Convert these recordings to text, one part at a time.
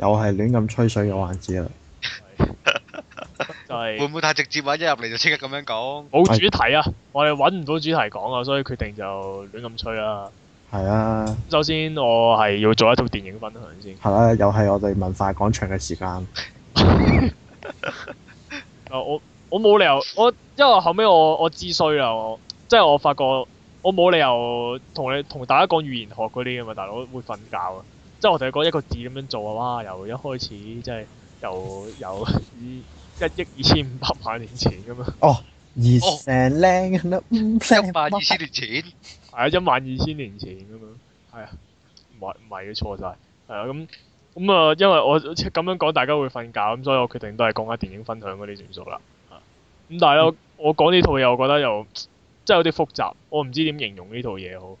又係亂咁吹水嘅環節啦， 就係會唔會太直接話？一入嚟就即刻咁樣講冇主題啊！哎、我哋揾唔到主題講啊，所以決定就亂咁吹啦。係啊，首先我係要做一套電影分享先。係啊，又係我哋文化廣場嘅時間。 我我冇理由，我因為後尾我我知衰啦，我即係我發覺我冇理由同你同大家講語言學嗰啲㗎嘛，大佬會瞓覺啊。即係我同佢講一個字咁樣做啊！哇，由一開始即係由由,由一億二千五百萬年前咁樣、oh, you 哦，二成靚啦，一萬二千年前係啊，一萬二千年前咁樣係啊，唔係唔係佢錯晒係啊。咁咁啊，因為我咁樣講，大家會瞓覺咁，所以我決定都係講下電影分享嗰啲算數啦。咁、嗯嗯、但係咧，我講呢套嘢，我覺得又真係有啲複雜，我唔知點形容呢套嘢好。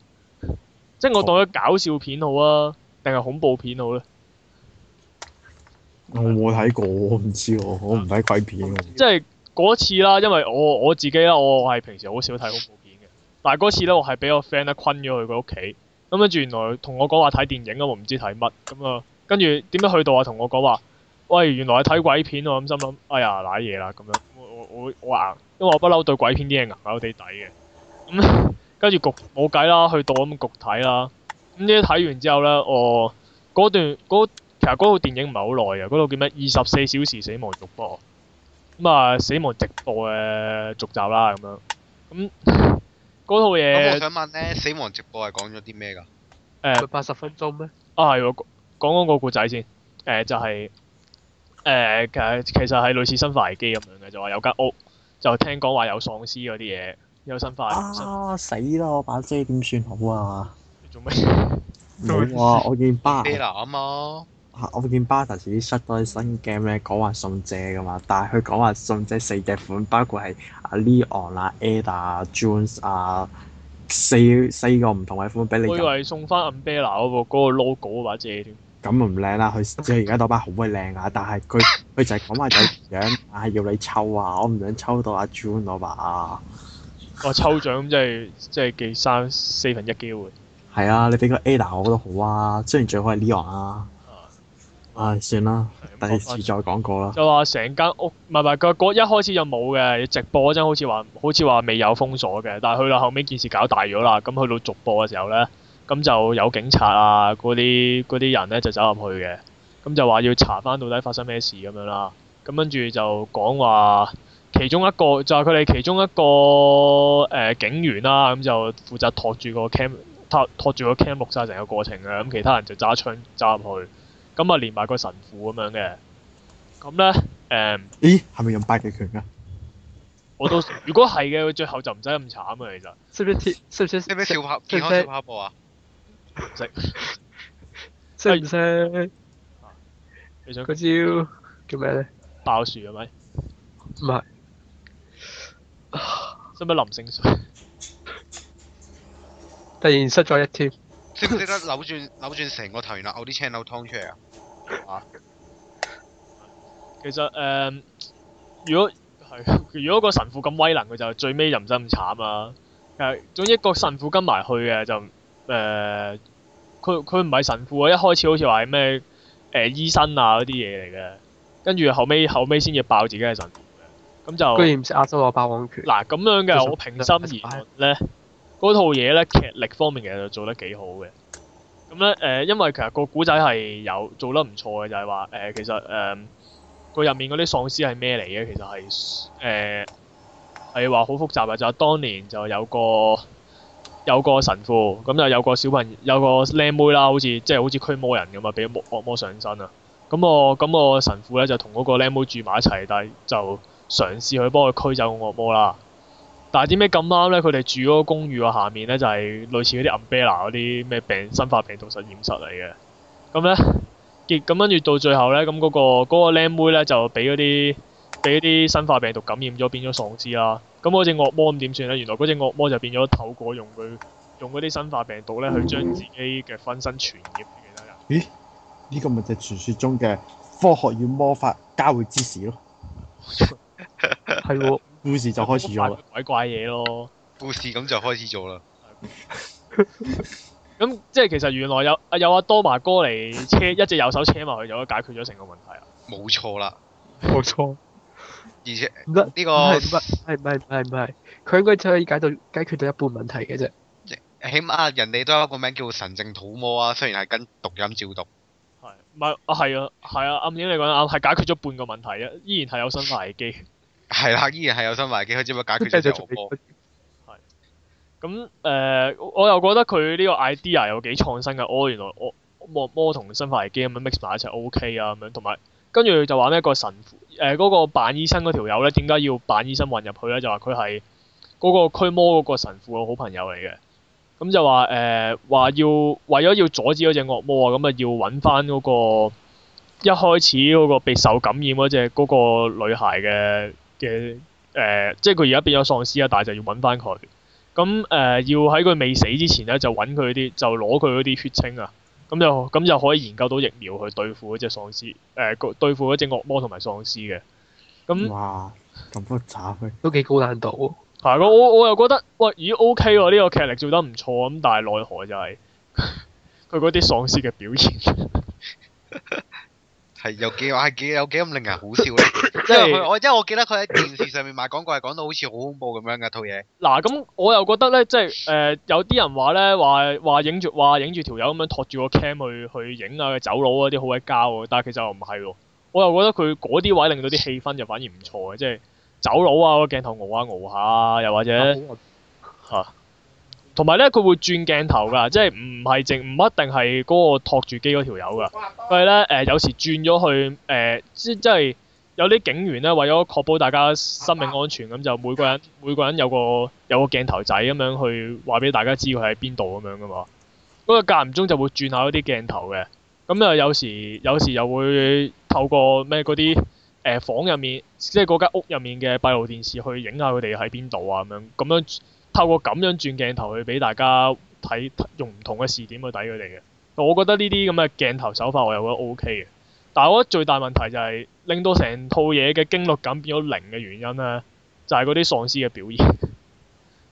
即係我當佢搞笑片好啊。定係恐怖片好呢？我冇睇過，唔知我，我唔睇鬼片。嗯、即係嗰次啦，因為我我自己咧，我係平時好少睇恐怖片嘅。但係嗰次呢，我係俾個 friend 咧，困咗去佢屋企。咁跟住，原來同我講話睇電影啊，我唔知睇乜。咁、嗯、啊，跟住點樣去到啊？同我講話，喂，原來係睇鬼片。我諗心諗，哎呀，瀨嘢啦咁樣。我我我我硬，因為我不嬲對鬼片啲嘢硬頭地底嘅。咁、嗯、跟住焗冇計啦，去到咁焗睇啦。咁啲睇完之後呢，我、哦、嗰段嗰、嗰個、其實嗰套電影唔係好耐啊，嗰套叫咩？二十四小時死亡續播，咁、嗯、啊死亡直播嘅續集啦咁樣。咁嗰套嘢，我想問呢，死亡直播係講咗啲咩噶？八十、呃、分鐘咩？啊係喎，講講個故仔先。誒、呃、就係、係、誒、呃、其實其實係類似生化危機咁樣嘅，就話有間屋，就聽講話有喪屍嗰啲嘢，有生化危。啊死啦！我把遮點算好啊？做咩？冇啊！我見巴啊嘛，啊我見巴特前啲出多啲新 game 咧，講話送遮噶嘛，但係佢講話送即係四隻款，包括係阿 Leon 啊、Ada、啊、Jones 啊四四個唔同嘅款俾你。我以為送翻 umbrella 喎，嗰個 logo 或者咁唔靚啦。佢即係而家嗰班好鬼靚啊，但係佢佢就係講話獎獎，但、啊、係要你抽啊，我唔想抽到阿 Jones 啊嘛、啊。我抽獎即係即係幾三四分一機會。係啊，你俾個 a d 我覺得好啊。雖然最好係呢 e 啊，啊，啊算啦，第一、嗯、次再講過啦。就話成間屋唔係唔係嗰一開始就冇嘅直播嗰陣，好似話好似話未有封鎖嘅。但係去到後尾件事搞大咗啦，咁去到續播嘅時候咧，咁就有警察啊，嗰啲啲人咧就走入去嘅，咁就話要查返到底發生咩事咁樣啦。咁跟住就講話其中一個就係佢哋其中一個誒、呃、警員啦、啊，咁就負責托住個 cam。拖住個 cam 錄晒成個過程嘅，咁其他人就揸槍揸入去，咁啊連埋個神父咁樣嘅，咁咧誒，um, 咦，係咪用八極拳噶、啊？我都如果係嘅，最後就唔使咁慘啊，其實識唔識？識唔識？識唔識跳下跳下步啊？唔識，識唔識？你想嗰招叫咩咧？爆樹係咪？唔係，識唔識林姓水？ 突然失咗一 team，即刻扭轉扭轉成個頭，然、 呃、後嘔啲青柳湯出嚟啊！其實誒，如果係如果個神父咁威能，佢就最尾就唔使咁慘啊！但總之個神父跟埋去嘅就誒，佢佢唔係神父啊，一開始好似話係咩誒醫生啊嗰啲嘢嚟嘅，跟住後尾後尾先至爆自己係神父。咁就居然唔識亞洲羅霸王拳。嗱咁、啊、樣嘅，想我平心而論咧。嗰套嘢咧劇力方面其實就做得幾好嘅，咁咧誒，因為其實個古仔係有做得唔錯嘅，就係話誒其實誒個入面嗰啲喪屍係咩嚟嘅？其實係誒係話好複雜嘅，就係當年就有個有個神父咁就有個小朋友有個靚妹啦，好似即係好似驅魔人咁啊，俾魔惡魔上身啊，咁我咁我嗰個神父咧就同嗰個靚妹住埋一齊，但係就嘗試去幫佢驅走個惡魔啦。但係點解咁啱咧？佢哋住嗰個公寓個下面咧，就係類似嗰啲 umbrella 嗰啲咩病生化病毒實驗室嚟嘅。咁咧，結咁跟住到最後咧，咁嗰個嗰個僆妹咧就俾嗰啲俾嗰啲生化病毒感染咗，變咗喪屍啦。咁嗰隻惡魔咁點算咧？原來嗰隻惡魔就變咗透過用佢用嗰啲生化病毒咧，去將自己嘅分身傳染其他人。咦？呢個咪就傳説中嘅科學與魔法交匯之時咯。係喎。故事就開始咗啦，鬼怪嘢咯。故事咁就開始做啦。咁 即係其實原來有阿有阿多馬哥嚟車一隻右手車埋去，就咁解決咗成個問題啊。冇錯啦，冇錯。而且呢個係咪係咪係佢應該就可以解到解,解決到一半問題嘅啫。起碼人哋都有一個名叫神聖土魔啊，雖然係跟讀音照讀。係。 唔係啊，係啊，係啊，暗影你講啱，係、啊、解決咗半個問題啊，依然係有生化危機。 係啦，依然係有生化危機，只不過解決成惡魔。係咁誒，我又覺得佢呢個 idea 有幾創新嘅。哦，原來惡魔魔同生化危機咁樣 mix 埋一齊，O K 啊咁樣。同埋跟住就話咧，呃那個神誒嗰個扮醫生嗰條友咧，點解要扮醫生混入去咧？就話佢係嗰個驅魔嗰個神父嘅好朋友嚟嘅。咁、嗯、就話誒，話、呃、要為咗要阻止嗰隻惡魔啊，咁啊要搵返嗰個一開始嗰個被受感染嗰隻嗰個女孩嘅。嘅誒、呃，即係佢而家變咗喪屍啊！但係就要揾翻佢，咁誒、呃、要喺佢未死之前咧，就揾佢啲，就攞佢嗰啲血清啊，咁就咁就可以研究到疫苗去對付嗰隻喪屍，誒、呃、對付嗰隻惡魔同埋喪屍嘅。咁哇，咁複雜嘅，都幾高難度啊。係、嗯，我我我又覺得，喂，咦，O K 喎，呢、okay 啊呢個劇力做得唔錯咁，但係奈何就係佢嗰啲喪屍嘅表現。 係有幾有係幾有幾咁令人好笑咧！即係我因為我記得佢喺電視上面賣廣告係講到好似好恐怖咁樣嘅套嘢。嗱咁我又覺得咧，即係誒、呃、有啲人話咧，話話影住話影住條友咁樣托住個 cam 去去影啊走佬啊啲好鬼膠嘅，但係其實又唔係喎。我又覺得佢嗰啲位令到啲氣氛就反而唔錯嘅，即係走佬啊、個鏡頭熬下熬下，又或者吓。啊同埋咧，佢會轉鏡頭㗎，即係唔係淨唔一定係嗰個托住機嗰條友㗎。佢係咧，誒、呃、有時轉咗去誒、呃，即即係有啲警員咧，為咗確保大家生命安全，咁就每個人每個人有個有個鏡頭仔咁樣去話俾大家知佢喺邊度咁樣㗎嘛。嗰個間唔中就會轉下嗰啲鏡頭嘅。咁又有時有時又會透過咩嗰啲誒房入面，即係嗰間屋入面嘅閉路電視去影下佢哋喺邊度啊咁樣，咁樣。透過咁樣轉鏡頭去俾大家睇，用唔同嘅視點去睇佢哋嘅。我覺得呢啲咁嘅鏡頭手法我又覺得 O K 嘅。但係我覺得最大問題就係、是、令到成套嘢嘅驚悚感變咗零嘅原因咧，就係嗰啲喪屍嘅表現。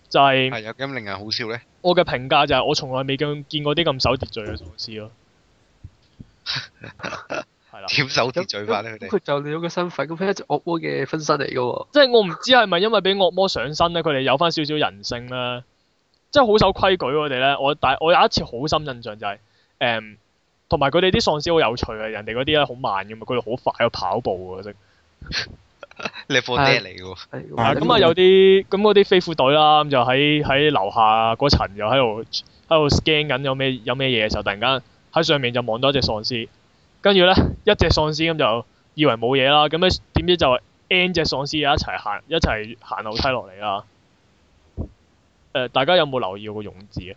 就係。係啊，咁令人好笑呢。我嘅評價就係我從來未見過啲咁守秩序嘅喪屍咯。 點手遮嘴翻佢哋，佢就你用個身份，咁佢一隻惡魔嘅分身嚟噶，啊。即係我唔知係咪因為俾惡魔上身咧，佢哋有翻少少人性啦。即係好守規矩，我哋咧，我但係我有一次好深印象就係、是，誒、嗯，同埋佢哋啲喪屍好有趣啊。人哋嗰啲咧好慢嘅嘛，佢哋好快喺度跑步嘅啫。你放波爹嚟嘅，咁啊有啲咁嗰啲飛虎隊啦，咁就喺喺樓下嗰層，又喺度喺度 scan 緊有咩有咩嘢嘅時候，突然間喺上面就望到一隻喪屍。跟住咧，一隻喪屍咁就以為冇嘢啦。咁咧點知就 N 隻喪屍一齊行一齊行樓梯落嚟啦。誒、呃，大家有冇留意我個用字啊？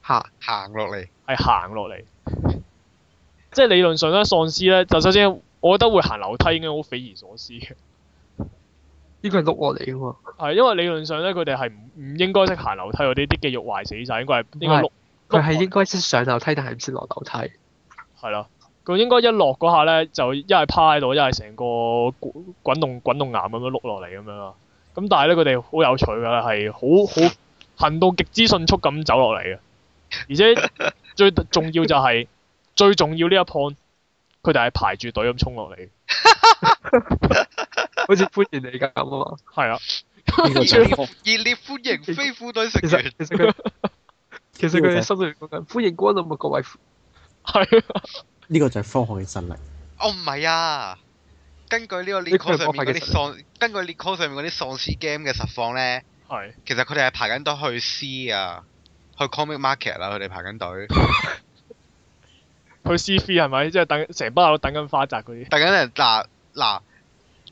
行行落嚟係行落嚟。 即係理論上咧，喪屍咧，就首先我覺得會行樓梯應該好匪夷所思嘅。呢個係碌落嚟㗎嘛。係因為理論上咧，佢哋係唔唔應該識行樓梯嗰啲，啲肌肉壞死晒。應該係、嗯、應該碌。佢係應該識上樓梯，但係唔識落樓梯。係啦。佢應該一落嗰下咧，就一係趴喺度，一係成個滾滾動滾動岩咁樣碌落嚟咁樣咯。咁但係咧，佢哋好有趣嘅係好好行到極之迅速咁走落嚟嘅，而且最重要就係、係、 最重要呢一 point，佢哋係排住隊咁衝落嚟， 好似歡迎你咁啊！嘛。係啊！熱烈熱烈歡迎飛虎隊成員。 其實其實佢哋心裏講 歡迎哥到嘛各位，係啊！呢個就係科學嘅實力。我唔係啊，根據呢個 link 上面嗰啲喪，根據 link 上面嗰啲喪屍 game 嘅實況咧，係其實佢哋係排緊隊去 C 啊，去 Comic Market 啊，佢哋排緊隊去 C three 係咪？即係等成班喺度等緊花集嗰啲。等緊人嗱嗱，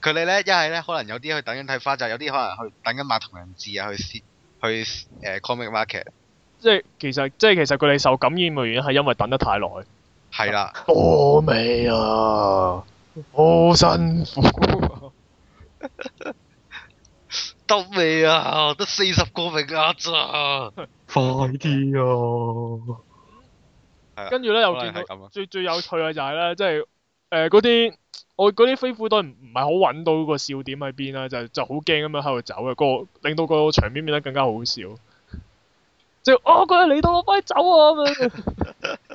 佢哋咧一係咧可能有啲去等緊睇花集，有啲可能去等緊買同人誌啊去 C 去誒 Comic Market。即係其實即係其實佢哋受感染嘅原因係因為等得太耐。係啦，多味啊？好辛苦，啊，得未 啊？得四十個名額咋？快啲啊！跟住咧又見到最最有趣嘅就係咧，即係誒嗰啲我嗰啲飛虎隊唔係好揾到個笑點喺邊啊，就是、就好驚咁樣喺度走啊，那個令到個場面變得更加好笑。即 係、就是、哦，佢嚟到，我快走啊咁樣。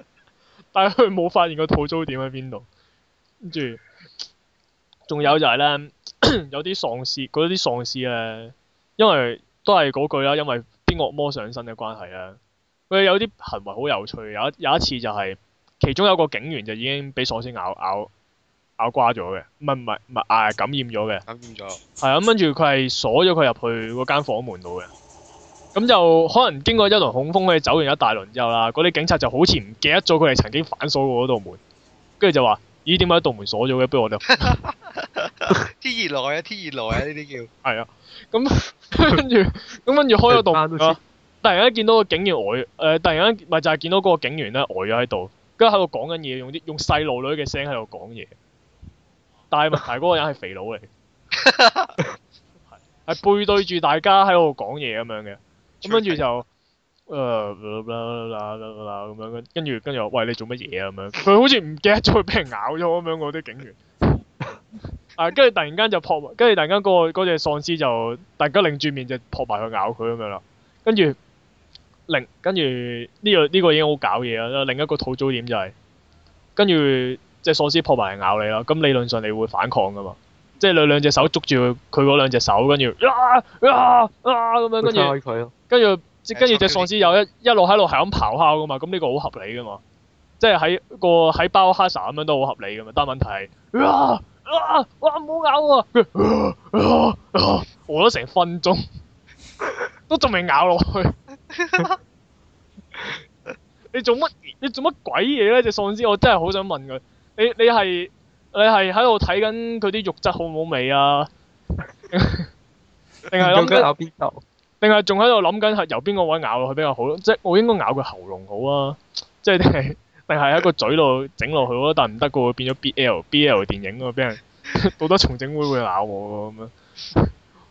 但係佢冇發現個吐槽點喺邊度，跟住，仲有就係咧， 有啲喪屍，嗰啲喪屍咧，因為都係嗰句啦，因為啲惡魔上身嘅關係咧，佢有啲行為好有趣。有一有一次就係、是，其中有一個警員就已經俾喪屍咬咬咬瓜咗嘅，唔係唔係唔係啊，感染咗嘅，感染咗，係啊。跟住佢係鎖咗佢入去嗰間房門度嘅。咁就可能經過一輪恐風，佢哋走完一大輪之後啦，嗰啲警察就好似唔記得咗佢哋曾經反鎖過嗰道門，跟住就話：咦，點解一道門鎖咗嘅？不如我哋 天熱來啊，天熱來啊，呢啲叫係啊。咁跟住，咁跟住開咗道門 啊！突然間見到個警員呆，誒，突然間咪就係見到嗰個警員咧呆咗喺度，跟住喺度講緊嘢，用啲用細路女嘅聲喺度講嘢。但係問題嗰個人係肥佬嚟，係 背對住大家喺度講嘢咁樣嘅。咁跟住就誒啦啦啦啦啦咁樣，跟跟住跟住我，喂，你做乜嘢啊？咁樣佢好似唔記得咗俾人咬咗咁樣嗰啲警員啊！跟住突然間就撲，跟住突然間個嗰隻喪屍就突然間擰住面就撲埋去咬佢咁樣啦。跟住擰，跟住呢個呢個已經好搞嘢啦。另一個吐槽點就係跟住即係喪屍撲埋嚟咬你啦。咁理論上你會反抗噶嘛？即係兩兩隻手捉住佢佢嗰兩隻手，跟住啊啊啊咁樣跟住。佢佢跟住，即跟住隻喪屍又一一路喺度係咁咆哮噶嘛，咁呢個好合理噶嘛，即係喺個喺包哈薩咁樣都好合理噶嘛。但問題係，啊啊哇唔好咬喎，我咗成分鐘，都仲未咬落去。你做乜？你做乜鬼嘢咧？隻喪屍？我真係好想問佢，你你係你係喺度睇緊佢啲肉質好唔好味啊？定係諗緊咬邊度？定係仲喺度諗緊由邊個位咬落去比較好咯？即係我應該咬佢喉嚨好啊！即係定係定係喺個嘴度整落去咯，啊？但係唔得嘅喎，變咗 BL BL 電影啊！俾人好多重整會會咬我咁樣。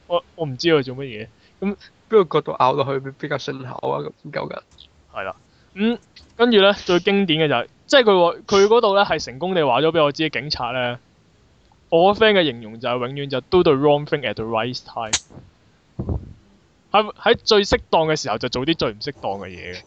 我我唔知佢做乜嘢。咁邊個角度咬落去比較順口啊？咁究竟。係啦。嗯，跟住咧最經典嘅就係、是、即係佢話佢嗰度咧係成功地話咗俾我知警察咧，我 friend 嘅形容就係、是、永遠就 do the wrong thing at the right time。喺最適當嘅時候就做啲最唔適當嘅嘢嘅，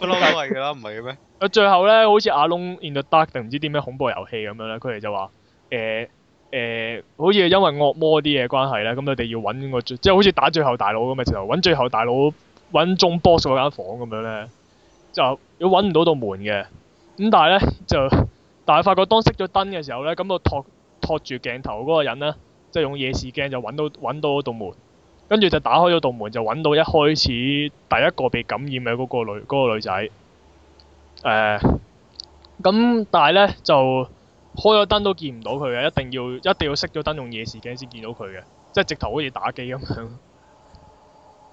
不嬲都係嘅啦，唔係嘅咩？最後咧好似《阿龍 In The Dark》定唔知啲咩恐怖遊戲咁樣咧，佢哋就話誒誒，好似因為惡魔啲嘢關係咧，咁佢哋要揾個即係好似打最後大佬咁嘅時候，揾最後大佬揾中 boss 嗰間房咁樣咧，就如果揾唔到道門嘅，咁但係咧就但係發覺當熄咗燈嘅時候咧，咁個托託住鏡頭嗰個人咧，即係用夜視鏡就揾到揾到道門。跟住就打開咗道門，就揾到一開始第一個被感染嘅嗰個女嗰、嗰個、女仔。誒、呃，咁但係呢，就開咗燈都見唔到佢嘅，一定要一定要熄咗燈用夜視鏡先見到佢嘅，即係直頭好似打機咁樣。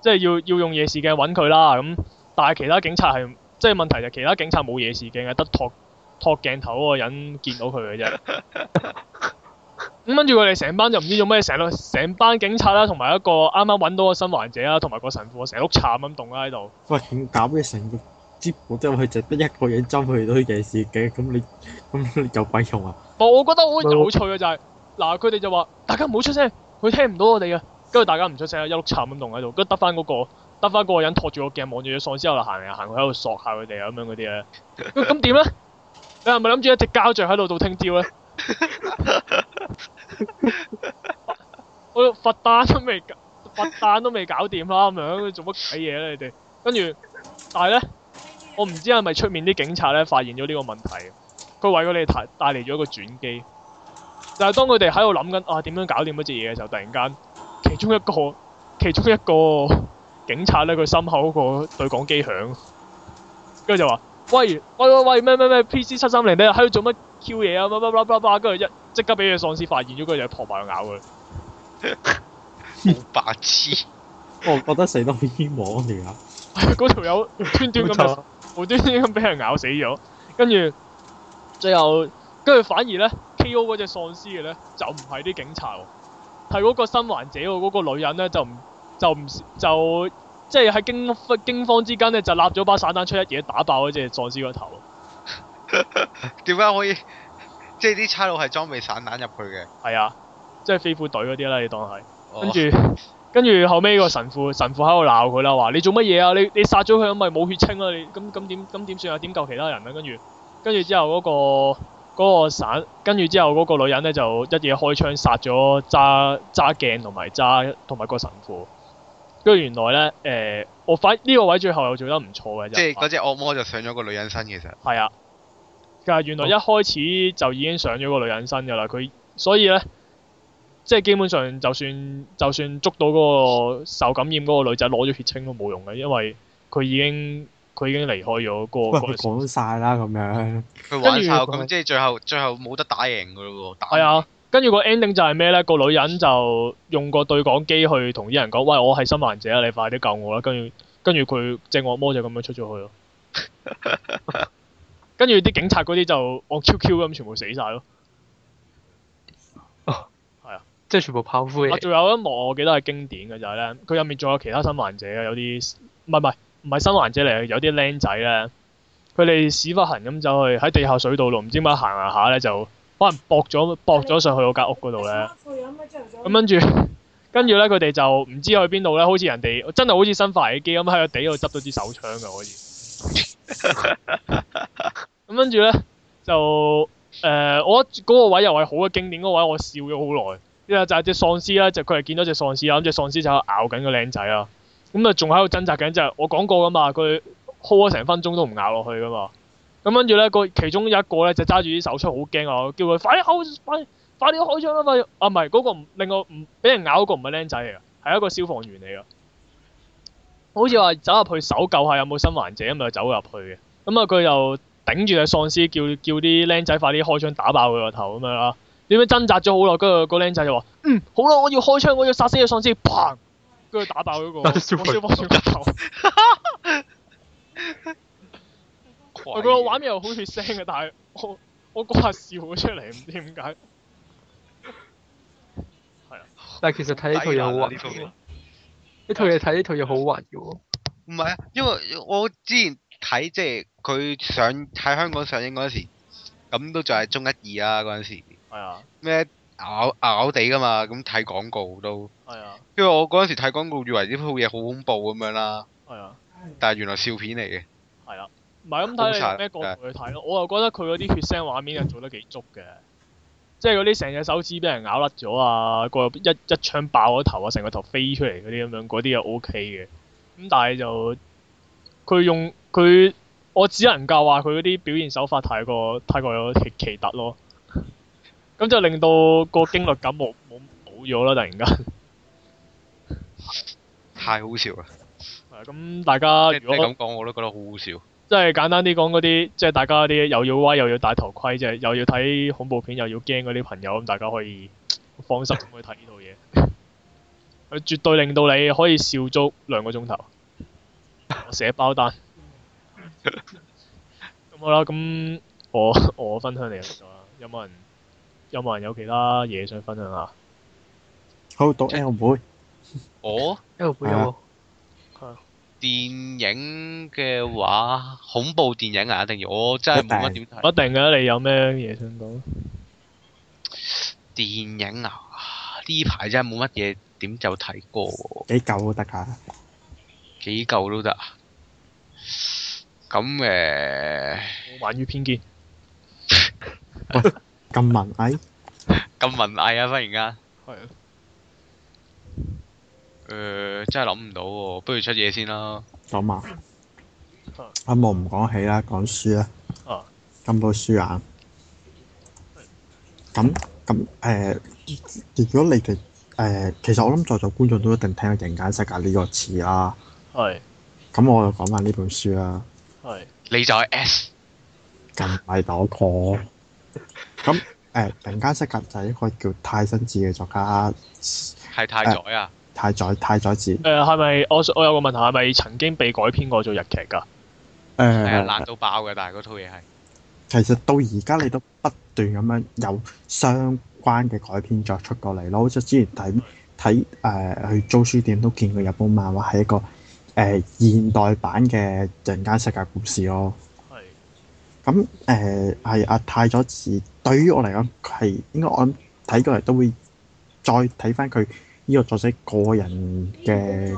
即係要要用夜視鏡揾佢啦，咁但係其他警察係即係問題就係其他警察冇夜視鏡嘅，得托托鏡頭嗰個人見到佢嘅啫。 咁跟住佢哋成班就唔知做咩，成碌成班警察啦，同埋一個啱啱搵到個生還者啦，同埋個神父，成碌杉咁動啦喺度。喂，點搞嘅成只接？我真係淨得一個人執佢到呢件事嘅，咁你咁你有鬼用啊？我覺得好有趣啊！就係、是、嗱，佢哋就話：大家唔好出聲，佢聽唔到我哋嘅。跟住大家唔出聲一碌杉咁動喺度。跟住得返嗰個，得返嗰個人托住個鏡望住隻喪屍後嚟行嚟行去喺度索下佢哋啊咁樣嗰啲咧。咁點咧？你係咪諗住一直膠著喺度到聽朝咧？ 佛佛我發單都未，發單都未搞掂啦，咁樣做乜鬼嘢咧？你哋跟住，但係咧，我唔知係咪出面啲警察咧，發現咗呢個問題，佢為咗你帶帶嚟咗一個轉機。但係當佢哋喺度諗緊啊，點樣搞掂嗰隻嘢嘅時候，突然間其中一個其中一個警察咧，佢心口嗰個對講機響，跟住就話。喂喂喂喂咩咩咩 PC 七三零你喺度做乜 Q 嘢啊？乜乜乜乜乜，跟住一即刻俾隻喪屍發現咗，佢、那、住、個、就撲埋去咬佢。白痴！我覺得死得好冤枉嚟啊！嗰條友端端咁，無端端咁俾人咬死咗，跟住最後跟住反而咧 KO 嗰隻喪屍嘅咧就唔係啲警察喎，係嗰個新患者嗰、那個女人咧就唔就唔就，就，就。即係喺驚，驚慌之間咧，就立咗把散彈出，一嘢打爆咗嗰隻喪屍個頭。點 解可以？即係啲差佬係裝備散彈入去嘅。係啊，即係飛虎隊嗰啲啦，你當係。跟住、oh.，跟住後尾個神父，神父喺度鬧佢啦，話你做乜嘢啊？你你殺咗佢，咪冇血清啊。你咁咁點咁點算啊？點救其他人啊？跟住，跟住之後嗰、嗰個嗰、嗰個嗰個散，跟住之後嗰個女人咧，就一嘢開槍殺咗揸揸鏡同埋揸同埋個神父。跟住原來咧，誒、呃，我發呢、這個位最後又做得唔錯嘅，即係是嗰、啊、隻惡魔就上咗個女人身嘅時候，係啊，但係原來一開始就已經上咗個女人身嘅啦，佢所以咧，即係基本上就算就算捉到嗰個受感染嗰個女仔攞咗血清都冇用嘅，因為佢已經佢已經離開咗嗰、那個。喂，講曬啦咁樣，佢玩咁，即係最後最後冇得打贏嗰個。係啊。跟住個 ending 就係咩呢？個女人就用個對講機去同啲人講， 喂，我係新患者啊，你快啲救我啦！跟住，跟住佢隻惡魔就咁樣出咗去咯。 跟住啲警察嗰啲就惡 Q Q 咁全部死晒咯。哦，係啊，即係全部炮灰嘢。仲、啊、有一幕我記得係經典嘅就係呢。佢入面仲有其他新患者嘅，有啲唔係唔係唔係新患者嚟嘅，有啲靚仔呢。佢哋屎忽痕咁走去喺地下水道度唔知點解行下下呢就。就可能駁咗駁咗上去我間屋嗰度咧，咁 跟住，跟住咧佢哋就唔知去邊度咧，好似人哋真係好似新發起機咁喺個地度執到支手槍噶可以，咁 跟住咧就誒、呃，我嗰、那個位又係好嘅經典個位我，我笑咗好耐，因為就係隻喪屍啦，就佢係見到隻喪屍啦，咁隻喪屍就咬緊個靚仔啦，咁啊仲喺度掙扎緊，就我講過噶嘛，佢 hold 咗成分鐘都唔咬落去噶嘛。咁跟住咧，個其中有一個咧就揸住啲手槍，好驚啊！叫佢快啲開，快快啲開槍啦！快啊，唔係嗰個唔另外唔俾人咬嗰個唔係僆仔嚟噶，係一個消防員嚟噶。好似話走入去搜救下有冇生還者，咁就走入去嘅。咁啊，佢又頂住隻喪屍，叫叫啲僆仔快啲開槍打爆佢個頭咁樣啦。點樣掙扎咗好耐，跟住個僆仔就話：嗯，那個、嗯好啦，我要開槍，我要殺死隻喪屍，砰！跟住打爆嗰、那個，消消 佢個畫面又好血腥嘅，但係我我嗰下笑咗出嚟，唔知點解。係 啊，但係其實睇呢套嘢好玩啲多。呢套嘢睇呢套嘢好好玩嘅喎。唔係 啊，因為我之前睇即係佢上喺香港上映嗰陣時，咁都就係中一二啊。嗰陣時。啊。咩咬咬地㗎嘛？咁睇廣告都。係啊。因為我嗰陣時睇廣告，以為呢套嘢好恐怖咁樣啦。係啊。啊但係原來笑片嚟嘅。係啊。唔係咁睇你咩角度去睇咯，對我又覺得佢嗰啲血腥畫面又做得幾足嘅，即係嗰啲成隻手指俾人咬甩咗啊，個一一槍爆咗頭啊，成個頭飛出嚟嗰啲咁樣，嗰啲又 O K 嘅。咁但係就佢用佢，我只能夠話佢嗰啲表現手法太過太過有奇奇特咯。咁 就令到個驚栗感冇冇冇咗啦，突然間 太好笑啦！係咁大家如果咁講，我都覺得好好笑。即係簡單啲講嗰啲，即係大家啲又要威又要戴頭盔，即係又要睇恐怖片又要驚嗰啲朋友，咁大家可以放心咁去睇呢套嘢。佢絕對令到你可以笑足兩個鐘頭。我寫包單。咁 好啦，咁我我分享嚟，有冇人有冇人有其他嘢想分享下？好，到 L 妹。哦 L 妹有。電影嘅話，恐怖電影啊，一定要！我真係冇乜點睇。一定㗎，你有咩嘢想講？電影啊，呢排真係冇乜嘢點就睇過。幾舊都得㗎，幾舊都得。咁誒，玩於偏見。咁文藝，咁文藝啊，忽然間。係啊。誒、呃，真係諗唔到、哦，不如出嘢先啦。咁完、嗯、啊，阿好唔講起啦，講書啦。啊，咁多書啊？咁咁誒，如果你哋誒、嗯，其實我諗在座觀眾都一定聽過《人間失格》呢、這個詞啦。係是。咁我就講翻呢本書啦。係。你就係 S。咁咪倒過？咁誒、 嗯，嗯《人間失格》就係一,一個叫太宰治嘅作家。係、呃、太宰啊？太宰太宰治。誒係咪？我我有個問題係咪曾經被改編過做日劇㗎？誒難到爆嘅，但係嗰套嘢係。其實到而家你都不斷咁樣有相關嘅改編作出過嚟咯。即係之前睇睇誒去租書店都見過日本漫畫係一個誒、呃、現代版嘅人間世界故事咯。係是。咁誒係阿太宰治，對於我嚟講係應該我諗睇過嚟都會再睇翻佢。呢個作者個人嘅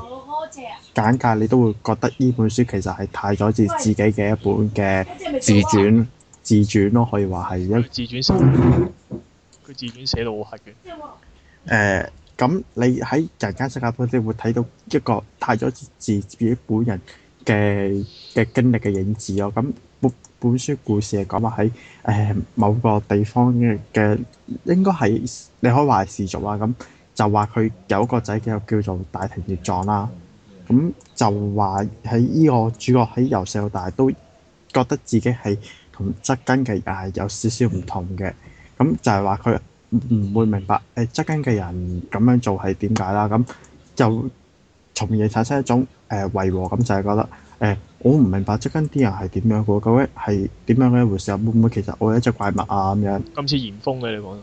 簡介，你都會覺得呢本書其實係太宰治自己嘅一本嘅自傳喂自傳咯，可以話係一自傳書。佢自傳寫到好黑嘅。誒、呃，咁你喺人間世界，你會睇到一個太宰治自己本人嘅嘅經歷嘅影子咯。咁、哦、本本書故事係講話喺誒某個地方嘅，應該係你可以話係氏族啦咁。嗯就話佢有一個仔叫叫做大庭葉狀啦，咁就話喺呢個主角喺由細到大都覺得自己係同側根嘅人係有少少唔同嘅，咁就係話佢唔會明白誒側根嘅人咁樣做係點解啦，咁就從而產生一種誒違、呃、和感，就係覺得誒、呃、我唔明白側根啲人係點樣嘅，究竟係點樣嘅一回事啊？會唔會其實我係一隻怪物啊咁樣？今次嚴峯嘅你講，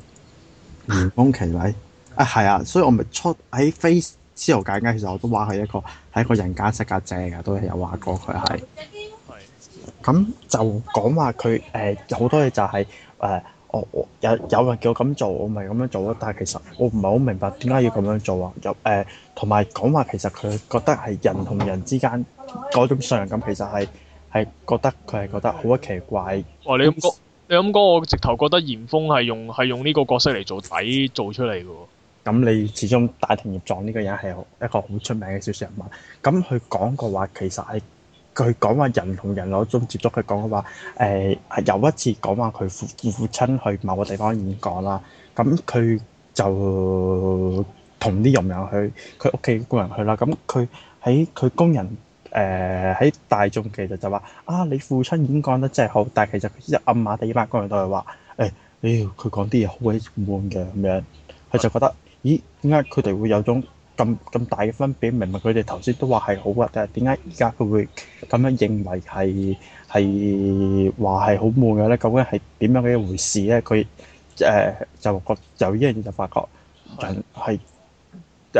嚴峯其禮。 啊，係、哎、啊，所以我咪出喺 Face 之後解壓，其實我都話係一個係一個人間失格正嚟噶。都係有話過佢係咁，就講話佢誒好多嘢就係、是、誒、呃哦、我我有有人叫我咁做，我咪咁樣做咯。但係其實我唔係好明白點解要咁樣做啊？又誒同埋講話其實佢覺得係人同人之間嗰種信任感其實係係覺得佢係覺得好一奇怪。哇！你咁講、嗯、你咁講，我直頭覺得嚴峯係用係用呢個角色嚟做底做出嚟嘅喎。咁你始終大庭葉藏呢個人係一個好出名嘅小說人物，咁佢講個話其實係佢講話人同人攞中接觸，佢講個話誒係、呃、有一次講話佢父父親去某個地方演講啦，咁佢就同啲傭人去佢屋企工人去啦，咁佢喺佢工人誒喺、呃、大眾其實就話啊，你父親演講得真係好，但係其實就暗馬地班工人都係話誒佢講啲嘢好鬼悶嘅咁樣，佢就覺得。咦，點解佢哋會有種咁咁大嘅分別？明明佢哋頭先都話係好核突，點解而家佢會咁樣認為係係話係好悶嘅咧？究竟係點樣嘅一回事咧？佢誒就覺由依樣嘢就發覺人係誒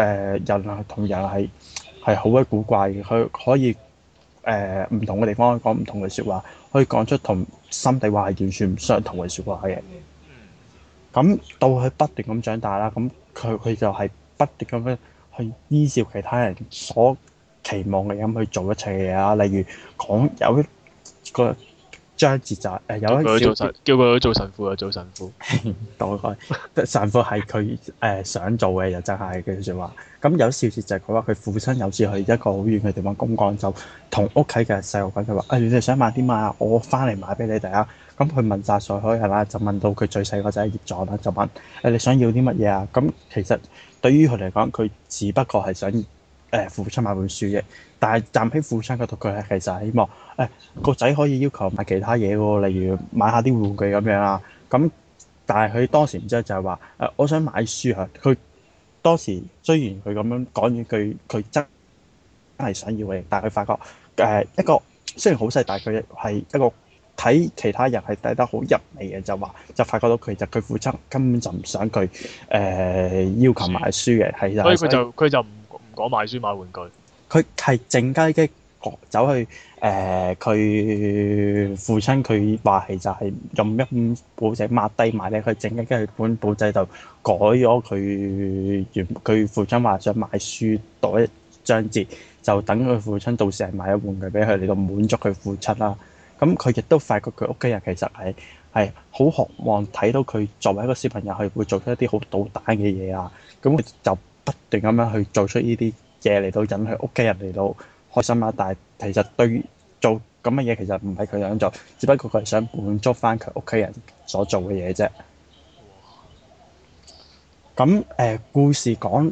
人啊同人係係好鬼古怪嘅，佢可以誒唔同嘅地方講唔同嘅説話，可以講出同心底話係完全唔相同嘅説話嘅。咁到佢不斷咁長大啦，咁佢佢就係不斷咁樣去依照其他人所期望嘅咁去做一切嘢啊，例如講有一個張節集誒有一個叫叫佢做神父啊，做神父，當佢 神父係佢誒想做嘅，又真係嘅説話。咁 有少節就係佢話佢父親有次去一個好遠嘅地方公幹，就同屋企嘅細路仔佢話：，誒、哎、你哋想買啲乜啊？我翻嚟買俾你哋啊！咁佢問晒所開係啦，就問到佢最細個仔葉咗，啦，就問誒、欸、你想要啲乜嘢啊？咁其實對於佢嚟講，佢只不過係想誒父親買本書啫。但係站喺父親角度，佢係其實希望誒個仔可以要求買其他嘢喎，例如買下啲玩具咁樣啦。咁但係佢當時唔知就係話誒我想買書嚇。佢當時雖然佢咁樣講完句，佢真係想要嘅，但係佢發覺誒一個雖然好細，但係佢係一個。睇其他人係抵得好入嚟嘅，就話就發覺到佢就佢父親根本就唔想佢誒、呃、要求買書嘅，係就所以佢就佢以就唔唔講買書買玩具，佢係靜雞雞走去誒佢、呃、父親佢話係就係用一本簿仔抹低埋咧，佢靜雞雞一本簿仔就改咗佢原佢父親話想買書袋一章節，就等佢父親到時係買咗玩具俾佢嚟到滿足佢父親啦。咁佢亦都發覺佢屋企人其實係係好渴望睇到佢作為一個小朋友係會做出一啲好搗蛋嘅嘢啊！咁佢就不斷咁樣去做出呢啲嘢嚟到引佢屋企人嚟到開心啦、啊。但係其實對於做咁嘅嘢其實唔係佢想做，只不過佢係想滿足翻佢屋企人所做嘅嘢啫。咁誒、呃、故事講。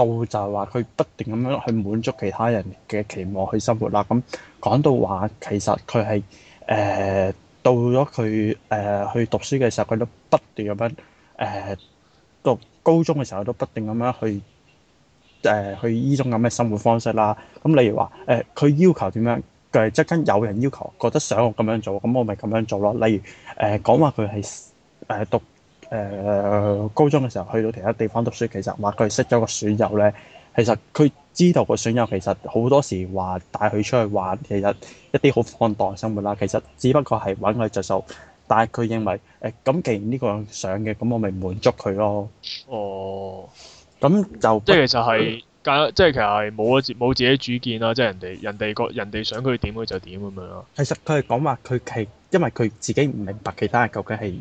到就係話佢不斷咁樣去滿足其他人嘅期望去生活啦。咁、嗯、講到話，其實佢係誒到咗佢誒去讀書嘅時候，佢都不斷咁樣誒讀高中嘅時候，佢都不斷咁、呃、樣去誒去依種咁嘅生活方式啦。咁、嗯、例如話誒，佢、呃、要求點樣？佢係即係有人要求，覺得想我咁樣做，咁、嗯、我咪咁樣做咯。例如誒、呃、講話佢係誒讀。誒、呃、高中嘅時候，去到其他地方讀書，其實話佢識咗個損友咧，其實佢知道個損友其實好多時話帶佢出去玩，其實一啲好放蕩生活啦。其實只不過係揾佢著數，但係佢認為誒咁、呃，既然呢個想嘅，咁我咪滿足佢咯。哦，咁就即係其實係即係其實係冇一冇自己主見啦。即係人哋人哋個人哋想佢點佢就點咁樣咯。其實佢係講話佢係因為佢自己唔明白其他人究竟係。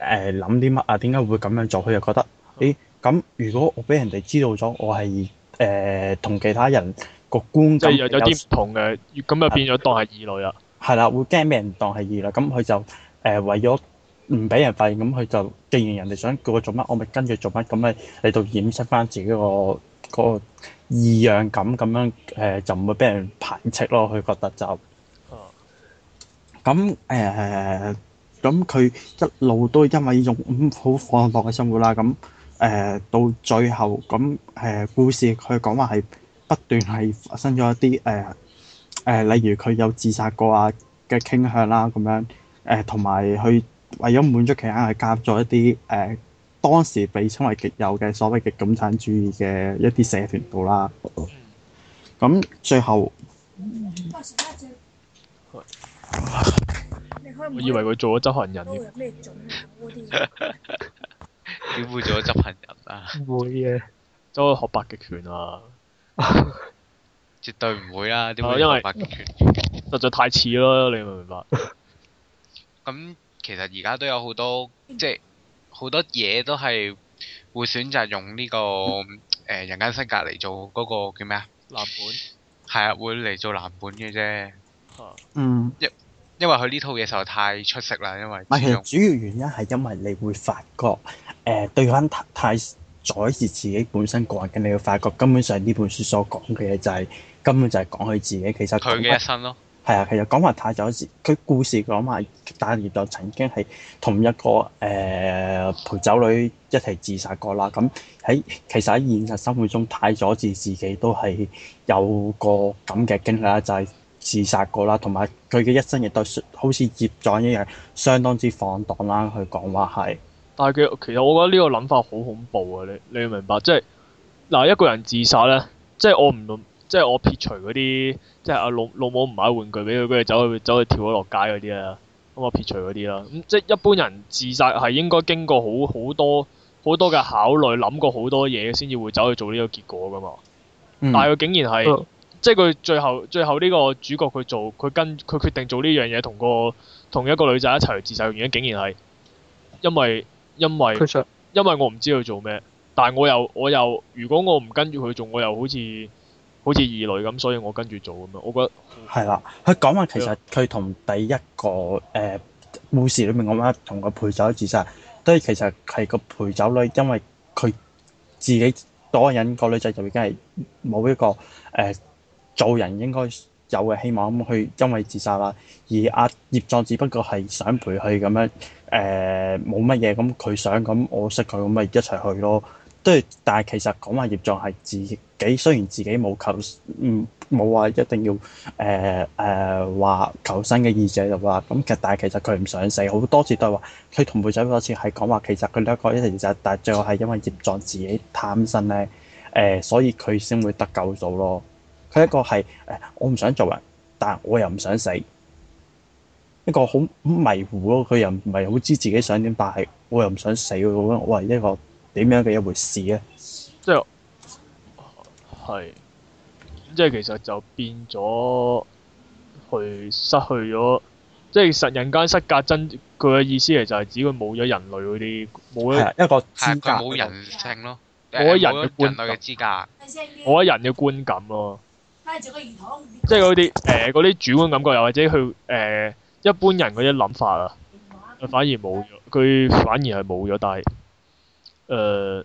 誒諗啲乜啊？點解會咁樣做？佢又覺得，咦、嗯？咁、欸、如果我俾人哋知道咗，我係誒同其他人個觀感就有啲唔同嘅，咁就變咗當係異類啦。係啦、啊，會驚咩人當係異類？咁佢就誒、呃、為咗唔俾人發現，咁佢就既然人哋想叫我做乜，我咪跟住做乜，咁咪嚟到掩飾翻自己、嗰個嗰、嗯、個異樣感樣，咁樣誒就唔會俾人排斥咯。佢覺得就，哦、嗯，咁誒、嗯。咁佢一路都因為呢種好放蕩嘅生活啦，咁誒、呃、到最後，咁誒、呃、故事佢講話係不斷係發生咗一啲誒誒，例如佢有自殺過啊嘅傾向啦，咁樣誒同埋佢為咗滿足其他，佢加入咗一啲誒、呃、當時被稱為極右嘅所謂嘅共產主義嘅一啲社團度啦。咁最後。嗯嗯嗯 可可以，我以為佢做咗執行人。點會做咗執行人啊？唔會啊，都去學八極拳啊， 絕對唔會啊。點會白、哦、因為八極拳實在太似咯，你明唔明白？咁、嗯、其實而家都有好多，即係好多嘢都係會選擇用呢、這個誒、呃、人間失格嚟做嗰、那個叫咩啊？藍本係啊，會嚟做藍本嘅啫。啊、嗯，嗯因為佢呢套嘢實在太出色啦，因為唔係，主要原因係因為你會發覺，誒、呃，對翻太，太宰治自己本身個人嘅，你會發覺根本上呢本書所講嘅嘢就係、是、根本就係講佢自己，其實佢嘅一生咯，係啊，其實講埋太宰治，佢故事講埋，但係亦就曾經係同一個誒、呃、陪酒女一齊自殺過啦。咁喺其實喺現實生活中，太宰治自己都係有過咁嘅經歷啦，就係、是。自殺過啦，同埋佢嘅一生亦都好似活咗一樣，相當之放蕩啦。佢講話係，但係佢其實我覺得呢個諗法好恐怖啊！你你要明白，即係嗱一個人自殺咧，即係我唔論即係我撇除嗰啲，即係阿、啊、老老母唔買玩具俾佢，跟住走去走去跳咗落街嗰啲啊，咁我撇除嗰啲啦。咁即係一般人自殺係應該經過好好多好多嘅考慮，諗過好多嘢先至會走去做呢個結果噶嘛。嗯、但係佢竟然係。嗯即係佢最後最後，呢個主角佢做佢跟佢決定做呢樣嘢，同個同一個女仔一齊自殺嘅原因，竟然係因為因為因為我唔知佢做咩，但係我又我又如果我唔跟住佢做，我又好似好似二女咁，所以我跟住做咁樣。我覺得係啦，佢講話其實佢同第一個誒、呃、護士裡面講啦，同個陪酒自殺都係其實係個陪酒女，因為佢自己多人，個女仔，就已經係冇一個誒。呃做人應該有嘅希望，咁佢因為自殺啦，而阿葉壯只不過係想陪佢咁樣誒，冇乜嘢咁佢想咁我識佢咁咪一齊去咯。都係，但係其實講話葉壯係自己雖然自己冇求，嗯冇話一定要誒誒話求生嘅意志就話咁。其實但係其實佢唔想死好多次都係話佢同佢仔嗰次係講話其實佢兩個一齊死，但係最後係因為葉壯自己貪心咧誒，所以佢先會得救到咯。佢一個係誒，我唔想做人，但我又唔想死，一個好迷糊咯。佢又唔係好知自己想點，但係我又唔想死，咁樣我係一個點樣嘅一回事咧？即係係，即係其實就變咗去失去咗，即係神人間失格真。佢嘅意思係就係指佢冇咗人類嗰啲冇一一個資格，冇人性咯，冇人，人類嘅資格，冇人嘅觀感咯。即係嗰啲誒，嗰啲、呃、主觀感覺又或者佢誒、呃，一般人嗰啲諗法啊，佢反而冇咗，佢反而係冇咗，但係誒，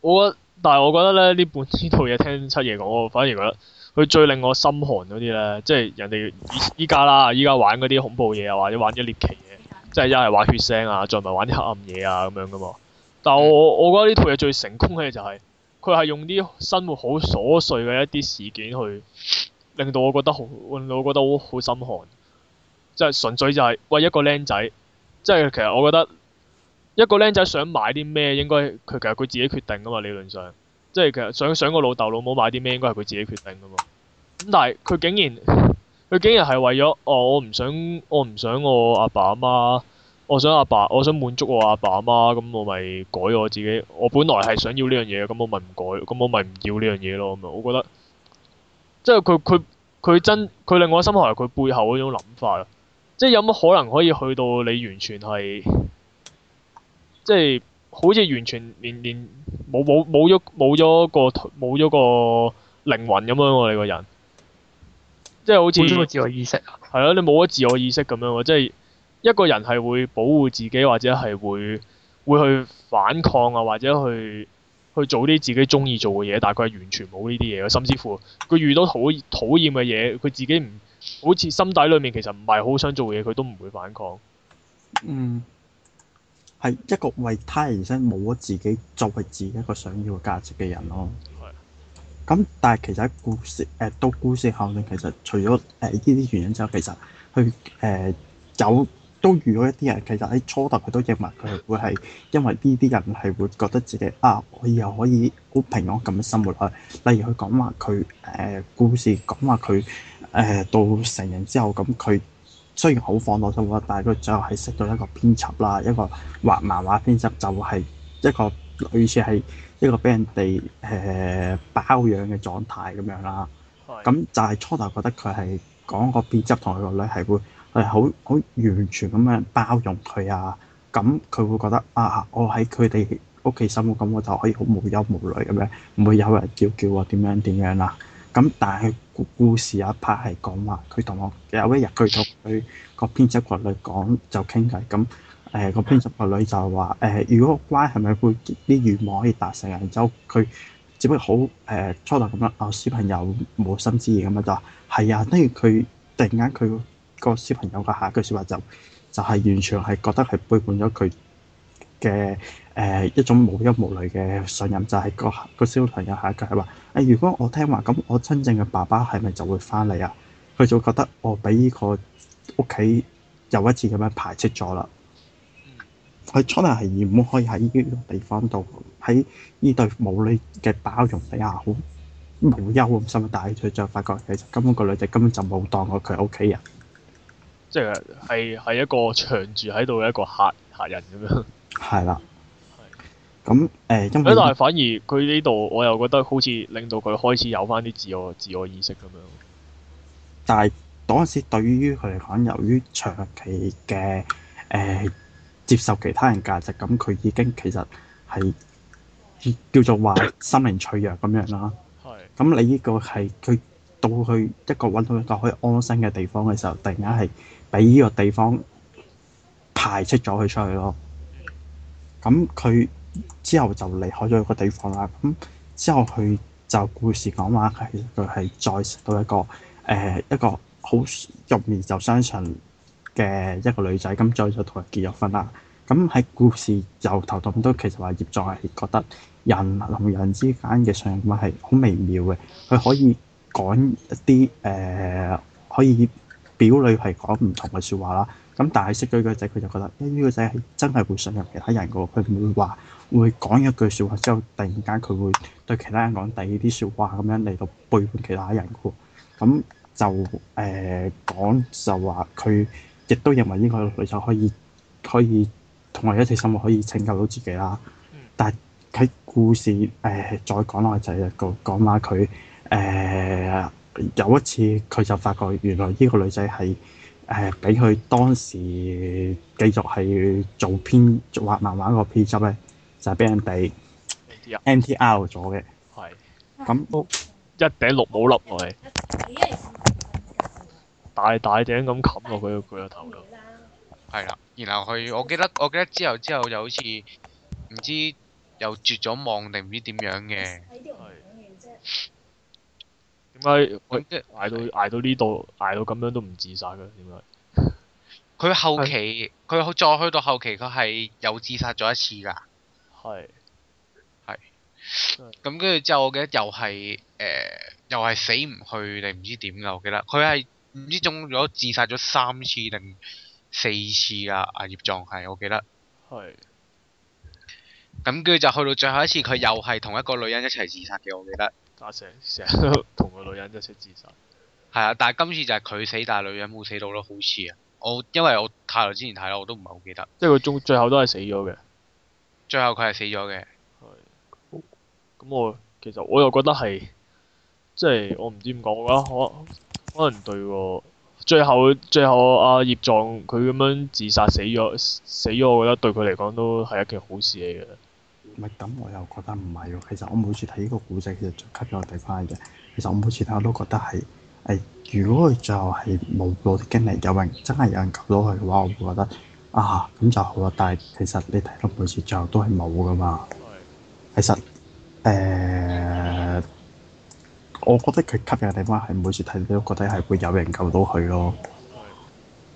我但係我覺得咧呢本呢套嘢，聽七爺講，我反而覺得佢最令我心寒嗰啲咧，即係人哋依家啦，依家玩嗰啲恐怖嘢啊，或者玩啲獵奇嘢，即係一係玩血腥啊，再唔係玩啲黑暗嘢啊咁樣噶嘛。但係我我覺得呢套嘢最成功嘅就係。佢係用啲生活好瑣碎嘅一啲事件去令到我覺得好令到我覺得好好心寒，即係純粹就係喂一個僆仔，即係其實我覺得一個僆仔想買啲咩應該佢其實佢自己決定噶嘛，理論上，即係其實想想個老豆老母買啲咩應該係佢自己決定噶嘛，咁但係佢竟然佢竟然係為咗哦我唔想，想我唔想我阿爸阿媽。我想阿爸，我想滿足我阿爸阿媽，咁我咪改我自己。我本來係想要呢樣嘢，咁我咪唔改，咁我咪唔要呢樣嘢咯。咁我覺得，即係佢佢佢真佢令我心寒，係佢背後嗰種諗法啊！即係有乜可能可以去到你完全係，即係好似完全連連冇冇冇咗冇咗個冇咗個靈魂咁樣喎，你個人，即係好似，個自我意識。係啊，你冇咗自我意識咁樣喎，即係。一個人係會保護自己，或者係會會去反抗啊，或者去去做啲自己中意做嘅嘢。但係佢係完全冇呢啲嘢咯，甚至乎佢遇到好討厭嘅嘢，佢自己唔好似心底裏面其實唔係好想做嘢，佢都唔會反抗。嗯，係一個為他人而生，冇咗自己作為自己一個想要嘅價值嘅人咯。咁的但係其實故事誒、呃、都故事後面其實除咗誒呢啲原因之外，其實去誒走。呃有有都遇到一啲人，其實喺初頭佢都認為佢會係因為呢啲人係會覺得自己啊，我以後可以好平安咁樣生活落去。例如佢講話佢誒故事講話佢誒到成人之後，咁佢雖然好放蕩生活，但係佢最後係識到一個編輯啦，一個畫漫畫編輯就係、是、一個類似係一個俾人哋誒、呃、包養嘅狀態咁樣啦。咁就係初頭覺得佢係講個編輯同佢個女係會。係好好完全咁樣包容佢啊，咁佢會覺得啊，我喺佢哋屋企生活咁，我就可以好無憂無慮咁樣，唔會有人叫叫我點樣點樣啦、啊。咁但係故事有一 part 係講話，佢同我有一日佢同佢個編輯個女講就傾偈咁。誒個、呃、編輯個女就話誒、呃，如果乖係咪會啲願望可以達成啊？就佢只不過好誒、呃、初頭咁樣啊，哦、我小朋友冇心之意咁樣就係啊，跟住佢突然間佢。個小朋友嘅下一句説話就就係、是、完全係覺得係背叛咗佢嘅誒一種無憂無慮嘅信任，就係、是、個、那個小朋友下一句係話：誒、欸，如果我聽話，咁我真正嘅爸爸係咪就會翻嚟啊？佢就覺得我俾呢個屋企又一次咁樣排斥咗啦。佢初頭係原本可以喺呢啲地方度喺呢對母女嘅包容底下好無憂咁心，但係佢就發覺其實根本個女仔根本就冇當過佢屋企人。即係係一個長住喺度嘅一個客，客人咁樣。係啦的。咁誒、嗯呃，因為但係反而佢呢度，我又覺得好似令到佢開始有返啲自我自我意識咁樣。但係嗰陣時，對於佢嚟講，由於長期嘅誒、呃、接受其他人價值，咁佢已經其實係叫做話心靈脆弱咁樣啦。咁的你呢個係佢到去一個搵到一個可以安心嘅地方嘅時候，突然間係。俾呢個地方排斥咗佢出去咯，咁佢之後就離開咗個地方啦。咁之後佢就故事講話佢佢係再識到一個誒、呃、一個好容易就相信嘅一個女仔，咁再就同佢結咗婚啦。咁喺故事由頭到尾都其實話葉藏係覺得人同人之間嘅信任感係好微妙嘅，佢可以講一啲誒、呃、可以，表裏係講唔同嘅説話啦，咁但係識佢呢個仔，佢就覺得呢個仔係真係會信任其他人嘅喎，佢唔會話會講一句説話之後，突然間佢會對其他人講第二啲説話咁樣嚟到背叛其他人嘅喎。咁就誒講、呃、就話佢亦都認為呢個女仔可以可以同我一齊生活，可以拯救到自己啦。但係喺故事誒、呃、再講落就係講講話佢誒。呃有一次佢就發覺原來呢個女仔係誒俾佢當時繼續係做編做畫漫畫個編輯咧，就係、是、俾人俾 NTR 咗嘅。係的。咁一頂綠帽笠落嚟，的大大頂咁冚落去佢個頭度。係啦，然後佢我記得我記得之後之後就好似唔知又絕咗望定唔知點樣嘅。點解佢即係挨到挨的到呢度，挨到咁樣都唔自殺嘅？點解？佢後期佢的再去到後期，佢係又自殺咗一次噶。係的。係的。咁跟住之後，我記得又係誒、呃，又係死唔去定唔知點噶我記得佢係唔知中咗自殺咗三次定四次噶啊葉狀係，我記得。係。咁跟住就去到最後一次，佢又係同一個女人一齊自殺嘅，我記得。阿成成日都同個女人一齊自殺，係啊，但係今次就係佢死，但係女人冇死到咯，好似啊，我因為我太耐之前睇啦，我都唔係好記得即，即係佢終最後都係死咗嘅，最後佢係死咗嘅，係、嗯、咁、嗯、我、嗯嗯嗯、其實我又覺得係，即係我唔知點講，我覺得可可能對個最後最後阿葉壯佢咁樣自殺死咗死咗，我覺得對佢嚟講都係一件好事嚟嘅。唔係咁，我又覺得唔係喎。其實我每次睇呢個古仔，其實最吸引我地方嘅。其實我每次睇我都覺得係，誒，如果佢最後係冇攞啲經歷，有人真係有人救到佢嘅話，我會覺得啊，咁就好啦。但係其實你睇到每次最後都係冇噶嘛。其實誒、呃，我覺得佢吸引嘅地方係每次睇都覺得係會有人救到佢咯。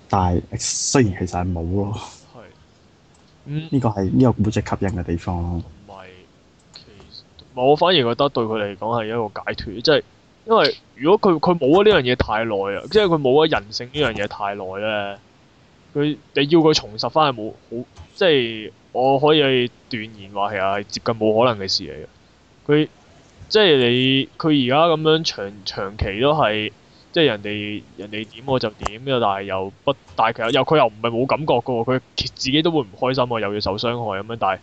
但係雖然其實係冇咯。嗯，呢個係呢個古蹟吸引嘅地方咯。唔係，嗯，其實我反而覺得對佢嚟講係一個解脫，即係因為如果佢佢冇咗呢樣嘢太耐啊，即係佢冇咗人性呢樣嘢太耐咧。佢你要佢重拾翻係冇好，即係我可以斷言話，其實係接近冇可能嘅事嚟。佢即係你，佢而家咁樣長長期都係。即係人哋人哋點我就點，但係又不，但係其實佢又唔係冇感覺噶喎，佢自己都會唔開心啊，又要受傷害咁樣。但係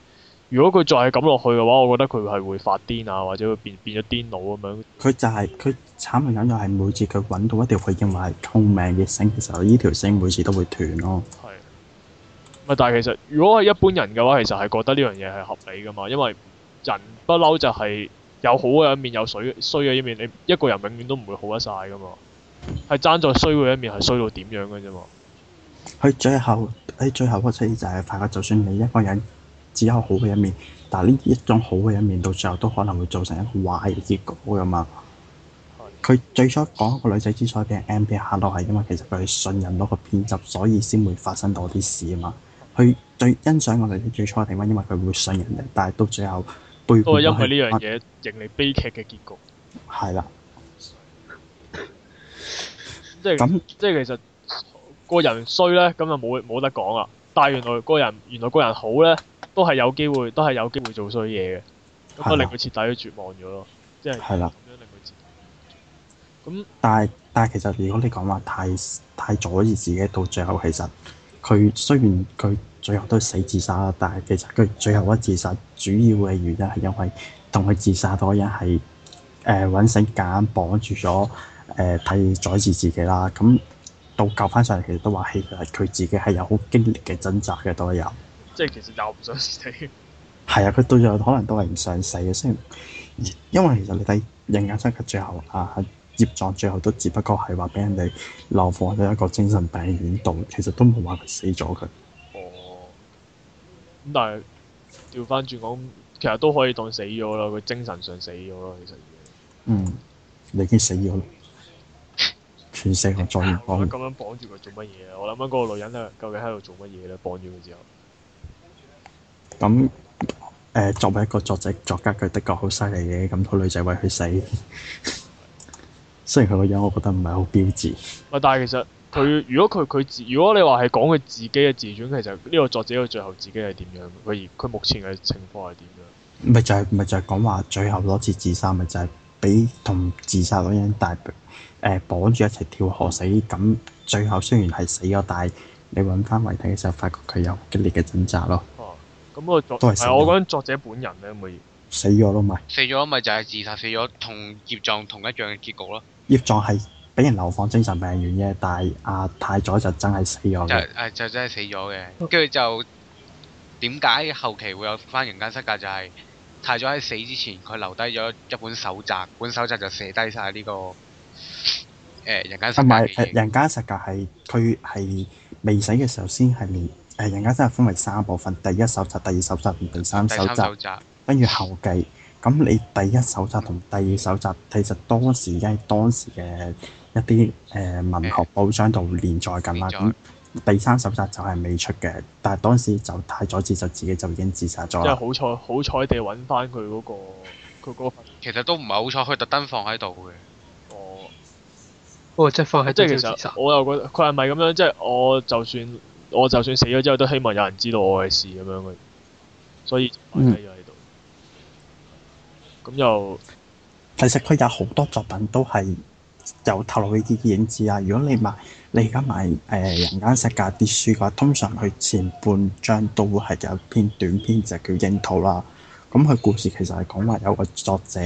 如果佢再係咁落去嘅話，我覺得佢係會發癲啊，或者會變變咗癲佬咁樣。佢就係佢慘嘅人就係每次佢搵到一條佢認為係聰明嘅繩嘅時候，呢條繩每次都會斷咯、啊。係，但係其實如果係一般人嘅話，其實係覺得呢樣嘢係合理噶嘛，因為人不嬲就係有好嘅一面，有水衰嘅一面，你一個人永遠都唔會好得晒噶嘛。係爭在衰嘅一面，係衰到點樣嘅啫嘛？佢最後，喺最後嗰出就係發覺，就算你一個人只有好嘅一面，但係呢一種好嘅一面，到最後都可能會造成一個壞嘅結果噶嘛。佢的最初講一個女仔之所以俾人 N P 下落係因為，其實佢信任到個騙子，所以先會發生到啲事啊嘛。佢最欣賞個女仔最初嘅地方，因為佢會信任人，但係到最後背叛佢，都係因為呢樣嘢，引起悲劇嘅結局。係啦。即係咁，即係其實個人衰咧，咁就冇冇得講啦。但係原來個人原來個人好咧，都係有機會，都係有機會做衰嘢嘅。咁令佢徹底絕望咗咯，即係。係啦。咁但係但係其實如果你講話太太阻住自己，到最後其實佢雖然佢最後都死自殺啦，但係其實佢最後一自殺主要嘅原因係因為同佢自殺嗰人係誒揾繩解綁住咗。誒，睇、呃、宰治自己啦。咁、嗯、到救翻上嚟，其實都話係佢自己係有好經歷嘅掙扎嘅，都有。即係其實又唔想死 。係啊，佢對住可能都係唔想死嘅，雖然因為其實你睇《人間失格》最後啊，葉藏最後都只不過係話俾人哋留放咗一個精神病院度，其實都冇話佢死咗佢哦。咁但係調翻轉講，其實都可以當死咗咯，佢精神上死咗咯。其實。嗯，你已經死咗。全城和作業幫。咁樣綁住佢做乜嘢咧？我諗緊嗰個女人咧，究竟喺度做乜嘢咧？綁住佢之後。咁誒、嗯呃，作為一個作者、作家，佢的確好犀利嘅。咁個女仔為佢死， 雖然佢個樣我覺得唔係好標誌。喂、啊，但係其實佢如果佢佢自，如果你話係講佢自己嘅自尊，其實呢個作者嘅最後自己係點樣？佢而佢目前嘅情況係點樣？咪就係、是、咪就係講話最後攞次自殺，咪就係俾同自殺女人大。誒，綁住一齊跳河死，咁最後雖然係死咗，但係你搵翻遺體嘅時候，發覺佢有激烈嘅掙扎咯。哦、啊，咁個作都係死。係我覺得作者本人咧，咪死咗咯，咪死咗咪就係自殺死咗，同葉藏同一樣嘅結局咯。葉藏係俾人流放精神病院嘅，但係、啊、阿太宰就真係死咗。就真、啊、就真係死咗嘅，跟住就點解後期會有翻人間失格、就是？就係太宰喺死之前，佢留低咗一本手冊，本手冊就寫低晒呢個。誒、欸，人間，唔係，誒、呃，人間失格係佢係未死嘅時候先係連，誒、欸，人間失格分為三部分，第一手集、第二手集、第三手集，跟住後，後繼。咁、嗯、你第一手集同第二手集其實當時喺當時嘅一啲誒、呃、文學報章度連載緊啦，咁載第三手集就係未出嘅，但係當時就太宰治，就自己就已經自殺咗即係好彩，好彩地揾翻佢嗰個佢嗰份。其實都唔係好彩，佢特登放喺度嘅。哦，即係放喺，即係其實我又覺得佢係咪咁樣？即係我就算我就算死咗之後，都希望有人知道我嘅事咁樣嘅。所以嗯，咁又其實佢有好多作品都係有透露佢啲影子啊。如果你買你而家買誒《人間世界》啲書嘅話，通常佢前半章都係有篇短篇就叫《櫻桃》啦。咁佢故事其實係講話有個作者。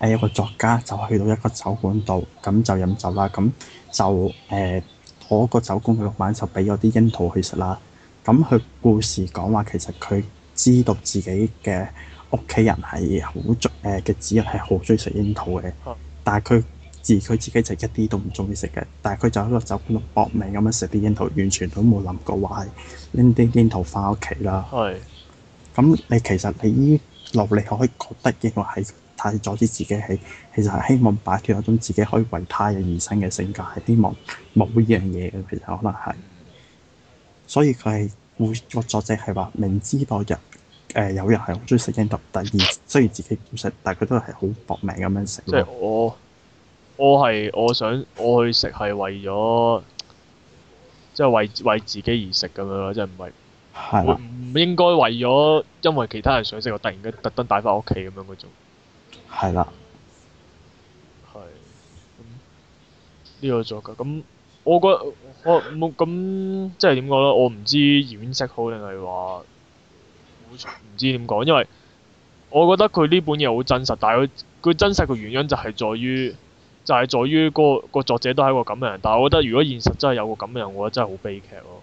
誒一個作家就去到一個酒館度，咁就飲酒啦。咁就誒、欸，我個酒館嘅老闆就俾咗啲櫻桃去食啦。咁佢故事講話，其實佢知道自己嘅屋企人係好中誒嘅子人係好中意食櫻桃嘅，啊、但係佢自佢自己就一啲都唔中意食嘅。但係佢就喺個酒館度搏命咁樣食啲櫻桃，完全都冇諗過話拎啲櫻桃翻屋企啦。係咁是，你其實你落嚟，可以覺得嘅話係。太阻止自己係，其實係希望擺脱一種自己可以為他人而生嘅性格，係希望冇呢樣嘢嘅。其實可能係，所以佢係會，個作者係話明知道人誒有人係好中意食印度，但而雖然自己唔食，但佢都係好搏命咁樣食。即係我我係我想我去食係為咗即係為為自己而食咁樣咯，即係唔係唔應該為咗因為其他人想食，我突然間特登帶翻屋企咁樣嗰係啦，係呢、嗯，呢個作家咁，我覺我冇咁即係點講咧？我唔、嗯、知演繹好定係話唔知點講，因為我覺得佢呢本嘢好真實，但係佢佢真實嘅原因就係在於就係、是、在於，、就係在於嗰個個作者都係一個咁嘅人。但係我覺得，如果現實真係有個咁嘅人，我覺得真係好悲劇咯、哦。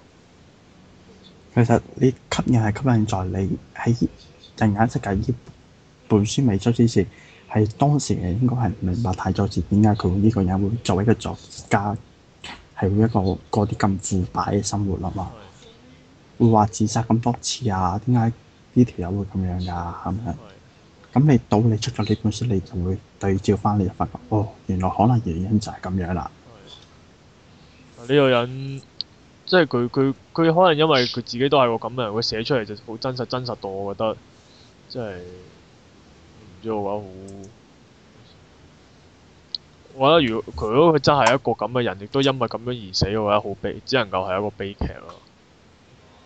其實你吸引係吸引在你喺人眼識界呢本書未出之前。係當時嘅應該係唔明白太左字，點解佢呢個人會作為一個作家係一個過啲咁腐敗嘅生活啊嘛，是會話自殺咁多次啊？點解呢條友會咁樣㗎係咪？咁是你到你出咗呢本書，你就會對照翻，你就發覺哦，原來可能原因就係咁樣啦。呢、啊呢個人即係佢佢佢可能因為佢自己都係個咁嘅人，佢寫出嚟就好真實真實到我覺得即係。呢話好，我覺得如果佢真係一個咁嘅人，亦都因為咁樣而死嘅話，好悲，只能夠係一個悲劇咯。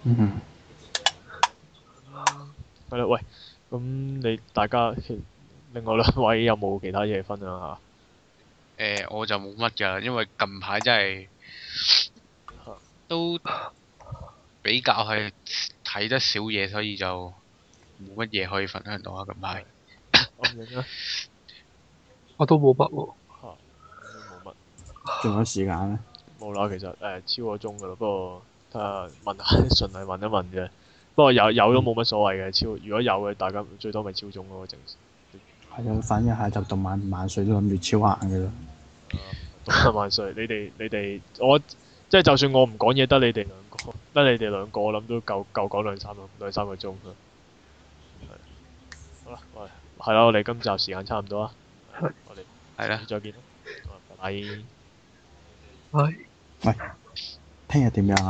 嗯哼。係啦，喂，咁你大家其，另外兩位有冇其他嘢分享下？誒、欸，我就冇乜㗎，因為近排真係都比較係睇得少嘢，所以就冇乜嘢可以分享到啊！近排。我唔記得， 我都冇筆喎。吓、啊，都冇乜？仲 有時間咩？冇啦，其實誒、欸、超咗鐘噶啦，不過睇下問下，順利問一問啫。不過有有都冇乜所謂嘅，超如果有嘅，大家最多咪超鐘咯，那個、正。係啊，反正下集動漫萬歲都諗住超硬嘅啦。動漫萬歲，你哋你哋， 我即係、就是、就算我唔講嘢，得你哋兩個，得你哋兩個，我諗都夠夠講兩三個兩三個鐘。係，好啦，喂。係咯，我哋今集時間差唔多啊， 我哋係啦，再見，拜拜 Bye. 喂，喂，聽日點樣啊？